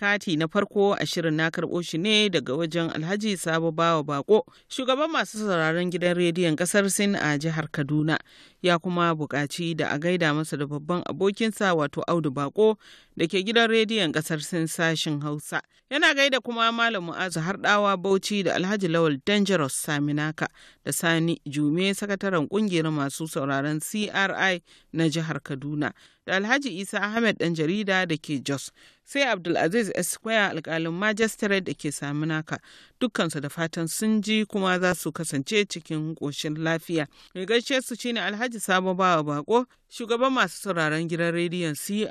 kati na farko a shirin na karɓo shi ne daga wajen alhaji sabo bawa bako shugaban masu sauraron gidan rediyon ƙasar sin a jihar kaduna ya kuma buƙaci da a gaida masa da babban abokinsa wato audu bako da ke gidan rediyon ƙasar sin sashin hausa yana gaida kuma malam mu'azu harɗawa bauchi da alhaji lawal dangerous saminaka da sani jume sakataren ƙungiyar masu sauraron cri na jihar kaduna da alhaji isa ahmed dan jarida da ke jos sai abdulaziz esquire alkalin majistare da ke saminaka dukkansu da fatan sun ji kuma za su kasance cikin ƙoshin lafiya mai gaishe su shine alhaji Alhaji Sabo Bawa Bako, shugaban masu sauraron gidan rediyon CRI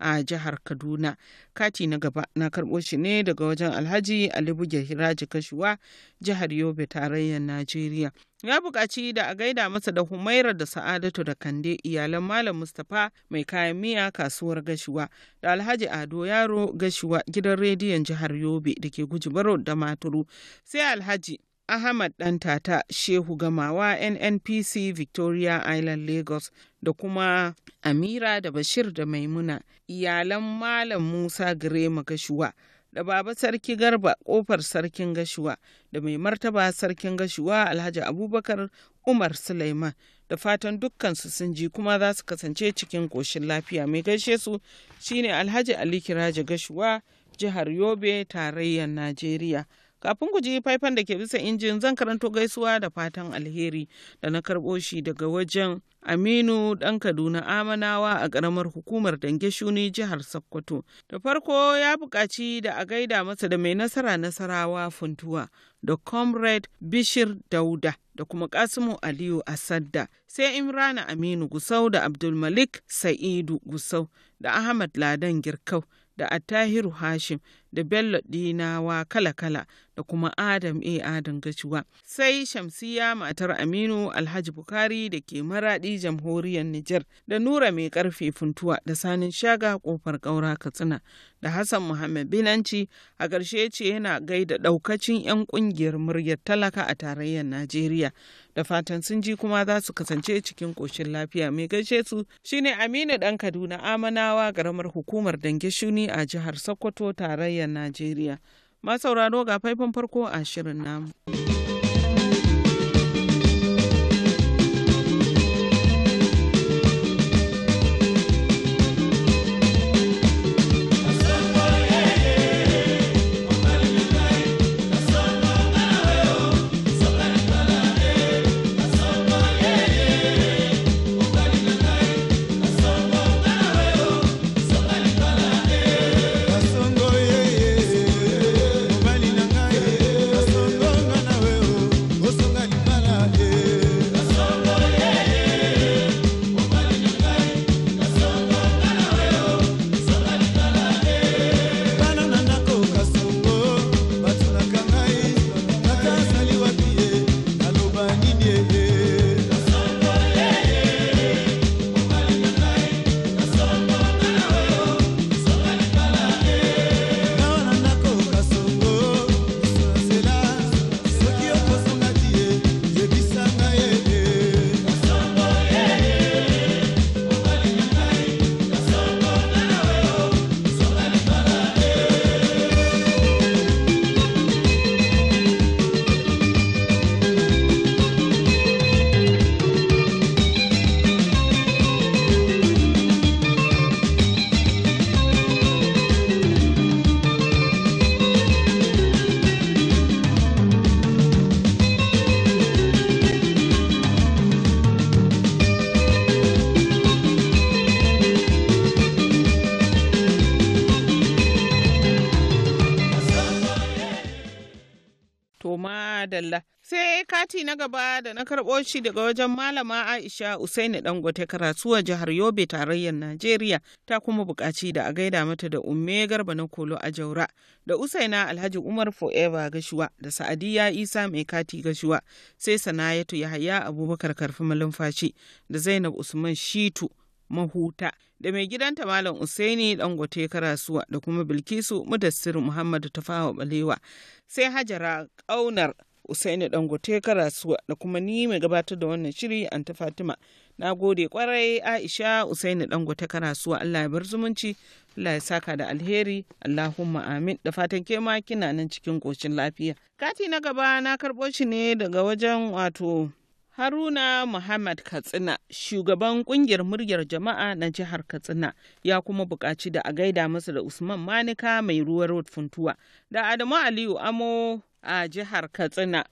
a jihar Kaduna. Kati na gaba na karɓo shi ne daga wajen Alhaji Ali buge Hiraji Kashuwa, jihar Yobe, tarayyar Najeriya. Ya buƙaci da a gaida masa da Humaira da Sa'adatu da Kande iyalan Malam Mustapha mai kayan miya kasuwar Gashuwa da Alhaji Ado Yaro Gashuwa gidan rediyon jihar Yobe da ke Baro da Maturu. Sai Alhaji Ahmad ɗan tata Shehu Gamawa NNPC Victoria Island Lagos da kuma Amira da Bashir da Maimuna iyalan Malam Musa Girema Gashuwa da Baba Sarki Garba kofar Sarkin Gashuwa da mai martaba Sarkin Gashuwa Alhaji Abubakar Umar Suleiman da fatan dukkansu sun ji kuma za su kasance cikin koshin lafiya mai gaishe su shine Alhaji Ali Kiraji Gashuwa jihar Yobe tarayyar Najeriya. Kafin ku ji faifan da ke bisa injin zan karanto gaisuwa da fatan alheri da na karɓo shi daga wajen Aminu ɗan Kaduna Amanawa a ƙaramar hukumar Dange Shuni jihar Sokoto. Da farko ya buƙaci da a gaida masa da mai nasara nasarawa funtuwa da Comrade Bishir Dauda da kuma Kasimu Aliyu Asadda sai Imrana Aminu Gusau da Abdulmalik Sa'idu Gusau da Ahmad Ladan Girkau da attahiru hashim da bello dinawa kala-kala da kuma adam a adam gaciwa sai shamsiya matar aminu alhaji bukari da ke maradi jamhuriyar nijar da nura mai karfe funtuwa da sanin shaga kofar ƙaura katsina da hassan muhammad binanci a ƙarshe ce yana gaida ɗaukacin 'yan ƙungiyar muryar talaka a tarayyar najeriya da fatan sun ji kuma za su kasance cikin ƙoshin lafiya mai gaishe su shine aminu ɗan kaduna amanawa garamar hukumar dange shuni a jihar sokoto tarayyar najeriya masauraro ga faifan farko a shirin namu. na gaba da na karɓo shi daga wajen Malama Aisha Usaini Dangote karatuwa jihar Yobe tarayyar Najeriya ta kuma buƙaci da a gaida mata da Umme Garba na Kolo a Jaura da Usaina Alhaji Umar Forever Gashuwa da Sa'adiya Isa Mai Kati Gashuwa sai Sanayatu Yahaya Abubakar Karfi Malumfashi da Zainab Usman Shitu Mahuta da mai gidanta Malam Usaini Dangote Karasuwa da kuma Bilkisu Mudassir Muhammad Tafawa Balewa sai Hajara Kaunar Usaini Dangote Karasuwa da kuma ni mai gabatar da wannan shiri Anta Fatima. Na gode kwarai Aisha Usaini Dangote Karasuwa Allah ya bar zumunci, Allah ya saka da alheri, Allahumma amin da fatan ke ma kina nan cikin ƙoshin lafiya. Kati na gaba na karɓo shi ne daga wajen wato Haruna Muhammad Katsina, shugaban ƙungiyar muryar jama'a na jihar Katsina, ya kuma buƙaci da a gaida masa da Usman Manika mai ruwa road funtuwa, da Adamu Aliyu Amo a jihar Katsina,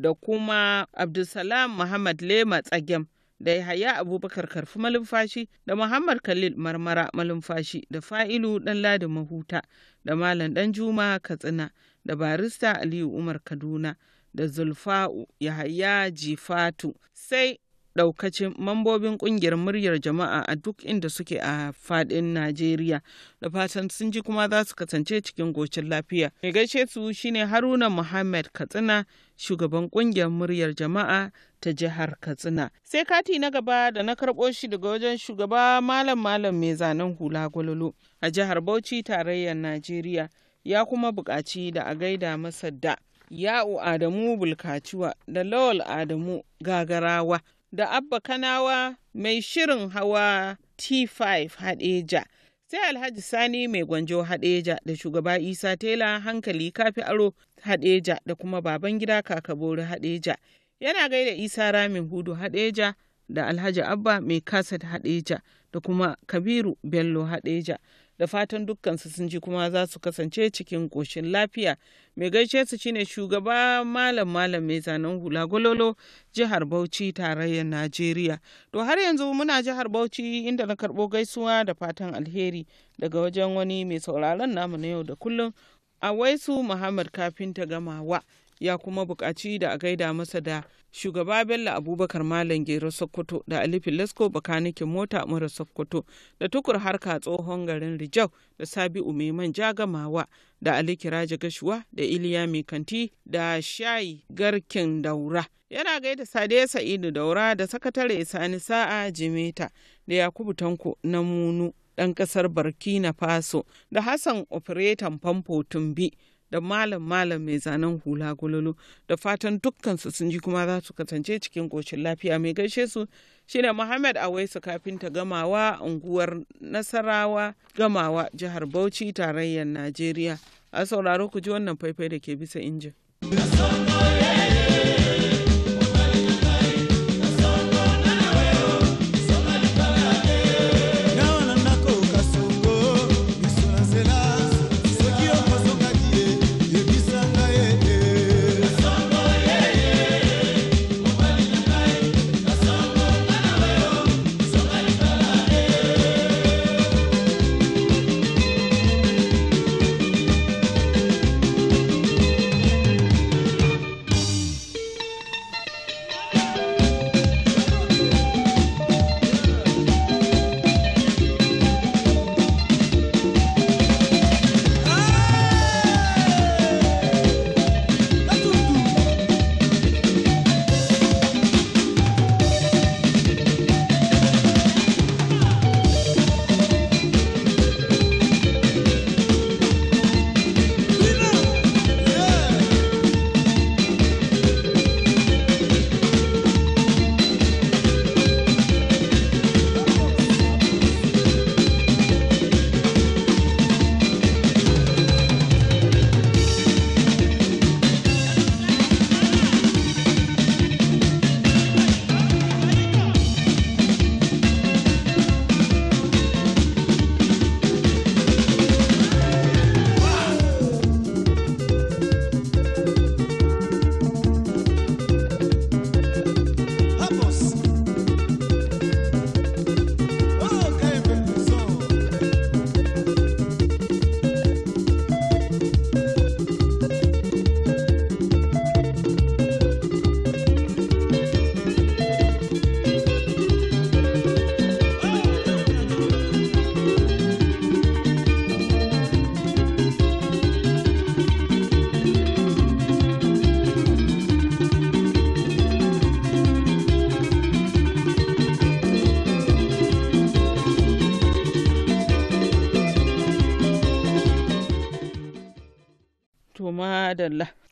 da kuma Abdulsalam Muhammad Lema Tsagem, da Yahaya Abubakar Karfi Malumfashi, da Muhammad Khalil Marmara Malumfashi, da Fa'ilu ladi Mahuta, da Malam Ɗanjuma Katsina, da Barista Aliyu Umar Kaduna. da Zulfa'u Yahaya Jifatu sai daukacin mambobin kungiyar muryar jama'a a duk inda suke a fadin Najeriya da fatan sun ji kuma za su kasance cikin gocin lafiya. Mai gaishe su shine Haruna Muhammad Katsina shugaban kungiyar muryar jama'a ta jihar Katsina. Sai kati na gaba da na karɓo shi daga wajen shugaba malam malam mai zanen hula gwalolo a jihar Bauchi tarayyar Najeriya ya kuma buƙaci da a gaida masa da Ya'u Adamu Bulkaciwa da Lawal Adamu Gagarawa da Abba Kanawa mai shirin hawa T5 Hadeja. Sai Alhaji Sani mai gwanjo Hadeja da shugaba Isa Tela hankali kafi aro Hadeja da kuma baban gida Kakabori Hadeja. Yana gaida Isa Ramin Hudu Hadeja da Alhaji Abba mai kasat Hadeja da kuma Kabiru Bello Hadeja. da fatan dukkansu sun ji kuma za su kasance cikin ƙoshin lafiya mai gaishe su shine shugaba malam malam mai zanen hula gololo jihar bauchi tarayyar najeriya to har yanzu muna jihar bauchi inda na karɓo gaisuwa da fatan alheri daga wajen wani mai sauraron namu na yau da kullum a waisu muhammad kafin ta gamawa ya kuma bukaci da a gaida masa da shugaba bello abubakar malam gero sokoto da ali filasko bakanikin mota mara sokoto da tukur harka tsohon garin rijau da sabi'u mai jagamawa da ali kiraji gashuwa da iliya mai kanti da shayi garkin daura yana gaida sade sa'idu daura da sakatare sani sa'a jimeta da yakubu tanko na munu ɗan ƙasar barkina faso da hassan operetan famfo tumbi da malam malam mai zanen hula gololo da fatan dukkan su sun ji kuma za su kasance cikin ƙoshin lafiya mai gaishe su shine Muhammad Awaisu kafinta gamawa unguwar Nasarawa gamawa jihar Bauchi tarayyar Najeriya a sauraro ku ji wannan faifai da ke bisa injin.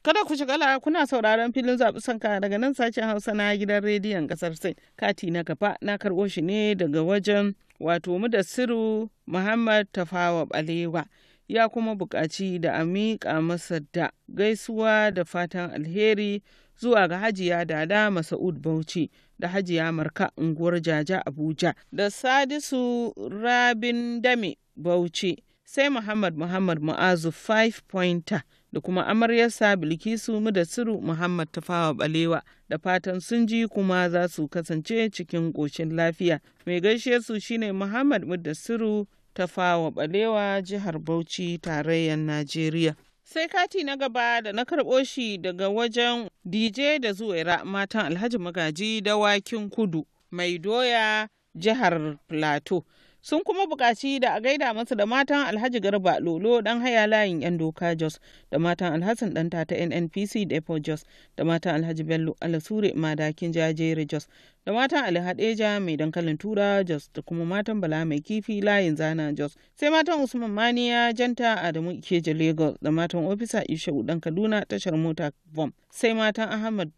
Kada ku shigala kuna sauraron filin zaɓi sanka daga nan sashen Hausa na gidan rediyon ƙasar Sin. Kati na gaba na karɓo shi ne daga wajen wato mu da siru Muhammad Tafawa Balewa. Ya kuma buƙaci da a miƙa masa da gaisuwa da fatan alheri zuwa ga Hajiya Dada Masa'ud Bauchi da Hajiya Marka unguwar Jaja Abuja da Sadisu Rabin dami Bauchi sai Muhammad Muhammad ma'azu five pointer da kuma amaryarsa Bilkisu Mudassiru Muhammad Tafawa Balewa da fatan sun ji kuma za su kasance cikin ƙoshin lafiya. Mai gaishe su shine Muhammad Mudassiru Tafawa Balewa jihar Bauchi tarayyar Najeriya. Sai kati na gaba da na karɓo shi daga wajen DJ da Zuwaira matan Alhaji Magaji da Wakin Kudu mai doya jihar Plateau. sun kuma bukaci da a gaida masa da matan alhaji garba lolo dan haya layin yan doka jos da matan alhassan danta ta nnpc depo jos da matan alhaji bello alasure madakin jajere jos da matan alhadeja mai dankalin tura jos da kuma matan bala mai kifi layin zana jos sai matan usman maniya janta adamu ikeja lagos da matan ofisa ishau dan kaduna tashar mota bom sai matan ahmad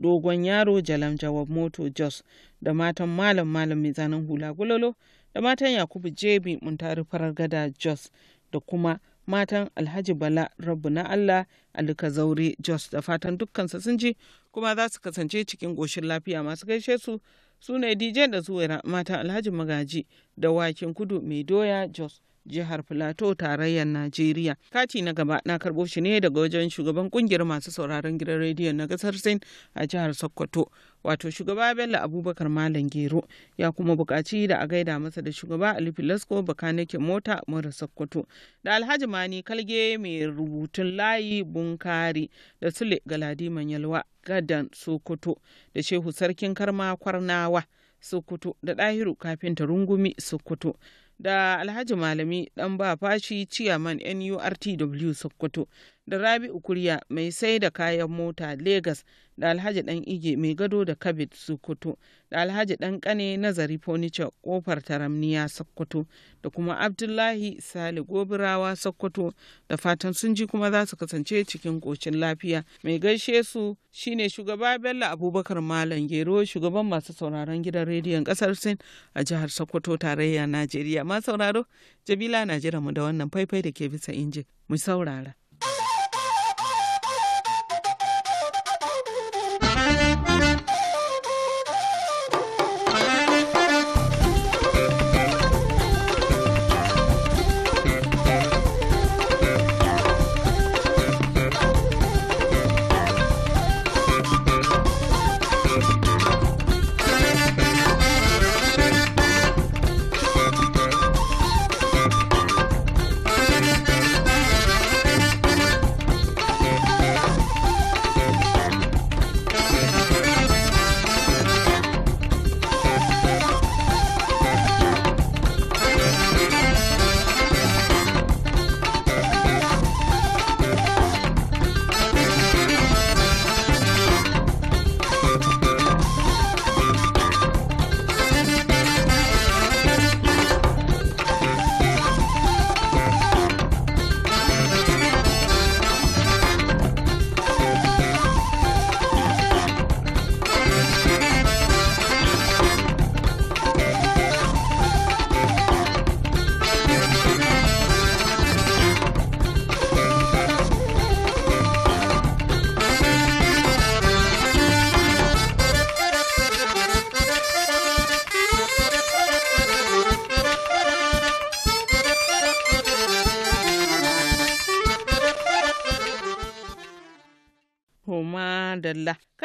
dogon yaro jalam jawab moto jos da matan malam malam mai zanen hula gulolo da matan yakubu jebi muntari farar gada jos da kuma matan alhaji bala rabu na allah alika zaure jos da fatan dukkansa sun ji kuma za su kasance cikin goshin lafiya masu gaishe su su ne dj da zuwa matan alhaji magaji da wakin kudu mai doya jos jihar Filato tarayyar Najeriya. Kati na gaba na karɓo shi ne daga wajen shugaban kungiyar masu sauraron gidan rediyon na gasar Sin a jihar Sokoto. Wato shugaba Bello Abubakar Malam Gero ya kuma buƙaci da a gaida masa da shugaba Ali Filasko bakanikin mota mara Sokoto da Alhaji Mani Kalge mai rubutun layi Bunkari da Sule Galadiman Yalwa Gadan Sokoto da Shehu Sarkin Karma Kwarnawa Sokoto da Ɗahiru Kafinta Rungumi Sokoto. da alhaji malami dan ba fashi ciyaman nurtw sokoto da Rabi'u Kurya mai sai da kayan mota lagos da Alhaji Dan Ige mai gado da Kabit Sokoto da Alhaji Dan Kane nazari furniture kofar Taramniya Sokoto da kuma Abdullahi Sale Gobirawa Sokoto da fatan sun ji kuma za su kasance cikin ƙocin lafiya. Mai gaishe su shine shugaba Bello Abubakar Malam Gero shugaban masu sauraron gidan rediyon kasar Sin a jihar Sokoto tarayya Najeriya. Ma sauraro Jamila na jira mu da wannan faifai da ke bisa injin. Mu saurara.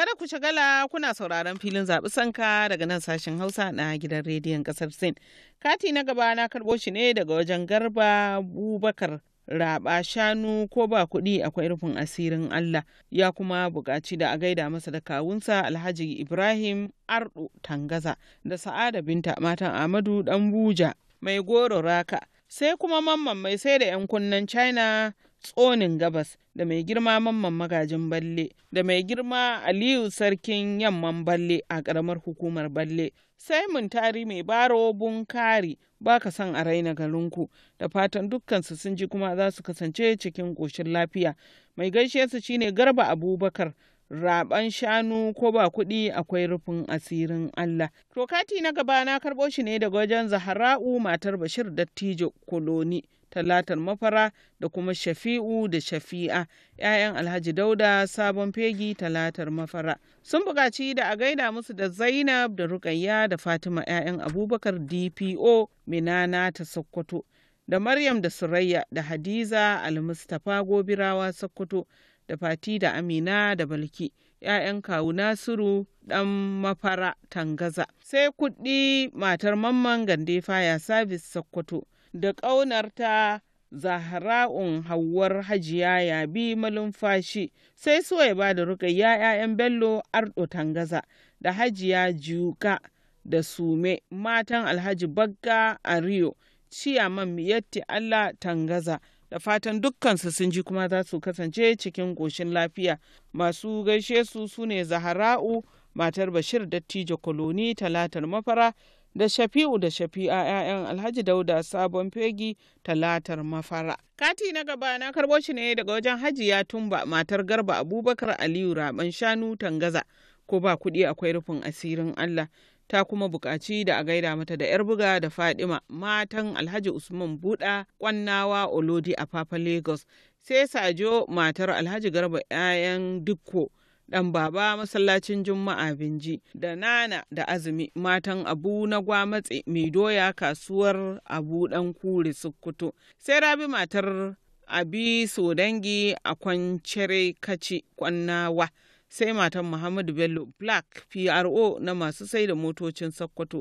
Kada ku shagala kuna sauraron filin zaɓi sanka daga nan sashen Hausa na gidan rediyon ƙasar Sin. Kati na gaba na karɓo shi ne daga wajen Garba Bubakar raba shanu ko ba kuɗi akwai rufin asirin Allah ya kuma buƙaci da a gaida masa da kawunsa Alhaji Ibrahim Ardo Tangaza da Sa'ada Binta matan Amadu buja mai goro raka sai kuma mamman mai sai da 'yan kunnen China tsonin gabas da mai girma mamman magajin balle da mai girma aliyu sarkin yamman balle a ƙaramar hukumar balle sai mun tari mai baro bunkari ba ka son a raina garinku da fatan dukkansu sun ji kuma za su kasance cikin ƙoshin lafiya mai gaishe su shine garba abubakar raban shanu ko ba kuɗi akwai rufin asirin Allah. Tokati na gaba na karɓo shi ne daga wajen Zahara'u matar Bashir Dattijo Koloni talatar mafara da kuma shafi'u da shafi'a 'ya'yan alhaji dauda sabon fegi talatar mafara sun buƙaci da a gaida musu da zainab da rukayya da fatima 'ya'yan abubakar dpo minana ta sokoto da maryam da surayya da hadiza almustapha gobirawa sokoto da fati da amina da balki 'ya'yan kawu nasiru dan mafara tangaza sai kuɗi matar mamman gandefa ya sabis sokoto da ƙaunar ta, zahra'un hauwar hajiya yabi malumfashi sai ya ba da rukayya 'ya'yan bello ardo tangaza da hajiya juka da sume matan alhaji bagga a rio ciyaman miyatti allah tangaza da fatan dukkansu sun ji kuma za su kasance cikin ƙoshin lafiya masu gaishe su sune zahara'u matar bashir dattijo koloni talatar mafara da Shafi'u da Shafi'a 'ya'yan Alhaji Dauda Sabon Fegi talatar mafara. Kati na gaba na karbo shi ne daga wajen Hajiya Tumba matar Garba Abubakar Aliyu raɓen Shanu Tangaza ko ba kuɗi akwai rufin asirin Allah. ta kuma buƙaci da a gaida mata da 'yar buga da fadima matan alhaji usman buɗa ƙwannawa olodi a papa lagos sai sajo matar alhaji garba 'ya'yan dukko dan baba masallacin juma'a binji da nana da azumi matan abu na gwamatse mai doya kasuwar abu dan kuri sukkuto sai rabi matar abi sodangi a kwanciyar kaci kwannawa sai matan Muhammadu Bello Black PRO na masu sai da motocin Sokoto,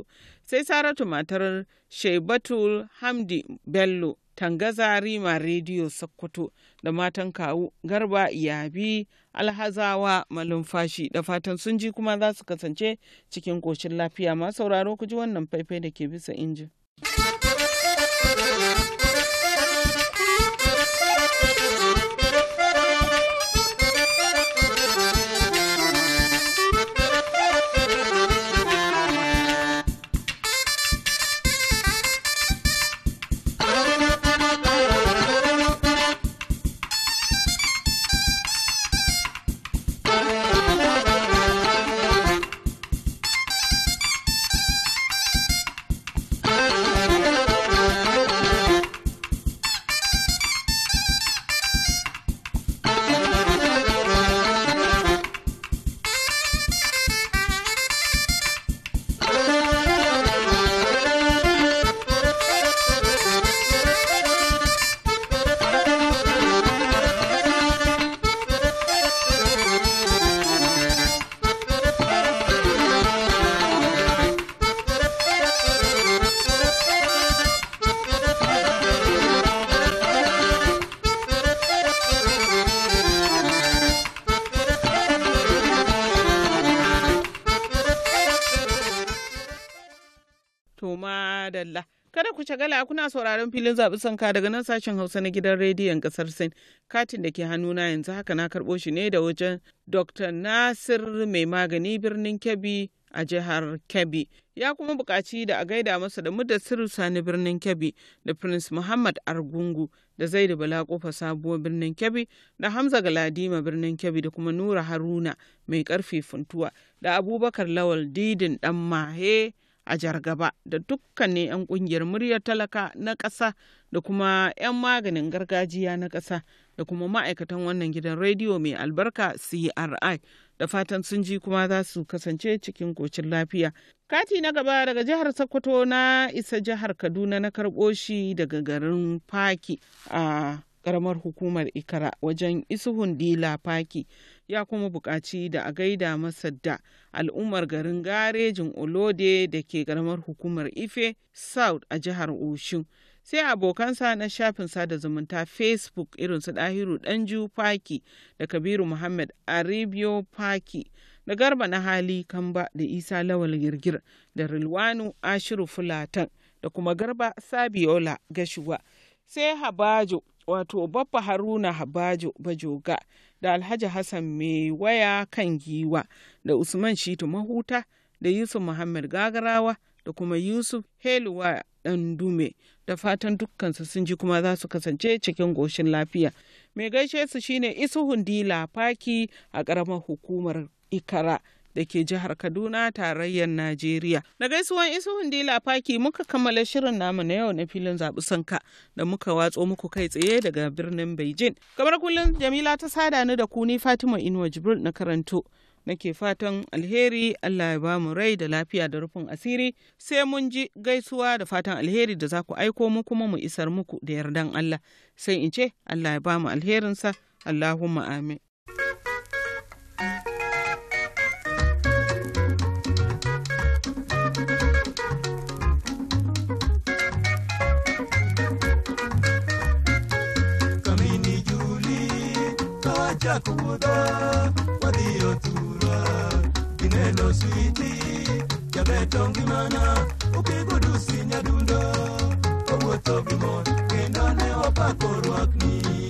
sai Saratu matar Shaibatul Hamdi Bello Tangaza Rima Radio Sokoto da matan kawu Garba iyabi Alhazawa Malumfashi da fatan sun ji kuma za su kasance cikin ƙoshin lafiya masu sauraro ku ji wannan faifai da ke bisa injin. shagala kuna sauraron filin zaɓi sanka daga nan sashen Hausa na gidan rediyon ƙasar Sin. Katin da ke hannuna yanzu haka na karɓo shi ne da wajen Dr. Nasir mai magani birnin Kebbi a jihar Kebbi. Ya kuma buƙaci da a gaida masa da Mudassir Sani birnin Kebbi da Prince Muhammad Argungu da Zaidu Bala Kofa sabuwar birnin Kebbi da Hamza Galadima birnin Kebbi da kuma Nura Haruna mai karfe funtuwa da Abubakar Lawal Didin Ɗan Mahe. a gaba da dukkanin 'yan kungiyar muryar talaka na ƙasa da kuma 'yan maganin gargajiya na ƙasa da kuma ma'aikatan wannan gidan rediyo mai albarka CRI da fatan sun ji kuma za su kasance cikin kocin lafiya. Kati na gaba daga jihar Sokoto na isa jihar Kaduna na karɓo shi daga garin Faki a karamar hukumar Ikara wajen Isuhun Dila Faki. ya kuma buƙaci da a gaida masa da al'ummar garin garejin olode da ke garamar hukumar ife south a jihar oshun sai abokansa na shafin sada zumunta facebook irin su dahiru danju faki da kabiru muhammad aribio Paki da garba na hali kamba da isa lawal girgir da rilwanu ashiru fulatan da kuma garba sabiola gashuwa sai habajo wato babba Haruna Bajoga da Alhaji Hassan mai waya kan giwa da Usman Shitu Mahuta da Yusuf Muhammad Gagarawa da kuma Yusuf Heluwa dume da fatan dukkansu sun ji kuma za su kasance cikin goshin lafiya. Mai gaishe su shine Isuhun Dila Faki a ƙaramar hukumar Ikara. da ke jihar Kaduna tarayyar Najeriya. Da gaisuwan isu dila paki muka kammala shirin namu na yau na filin zaɓi sanka da muka watso muku kai tsaye daga birnin Beijing. Kamar kullum Jamila ta sada ni da kuni Fatima Inuwa Jibril na karanto. Nake fatan alheri Allah ya ba mu rai da lafiya da rufin asiri sai mun ji gaisuwa da fatan alheri da za ku aiko mu kuma mu isar muku da yardan Allah. Sai in ce Allah ya ba mu alherinsa Allahumma amin. jakudha wadhiyo tura gineno switi jabeto ngimana upigodusi nyadundo owuotho gimon kendo ne wapako rwakni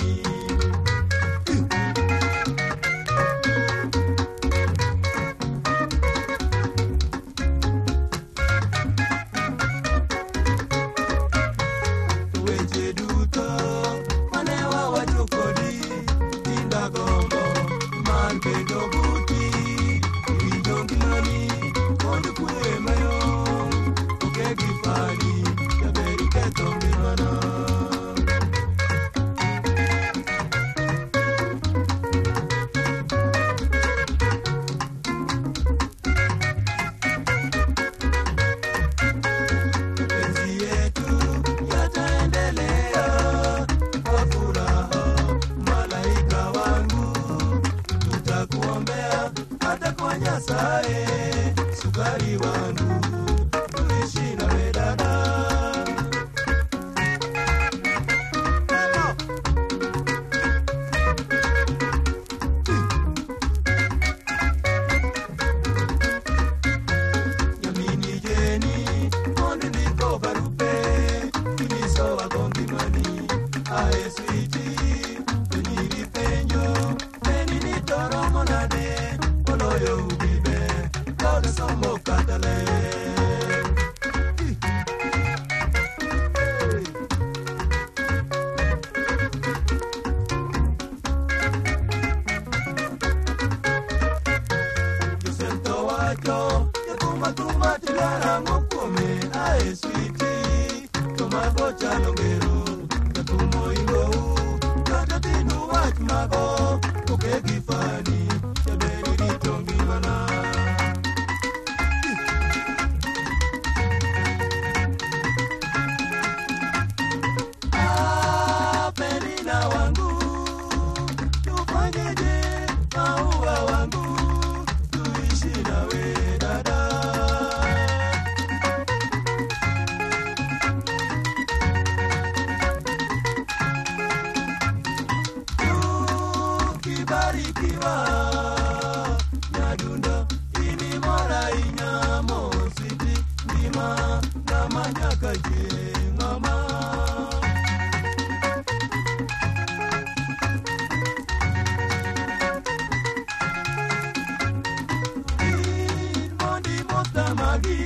Matamagi,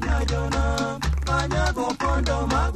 Nyajona, Panyago Kondo Mago.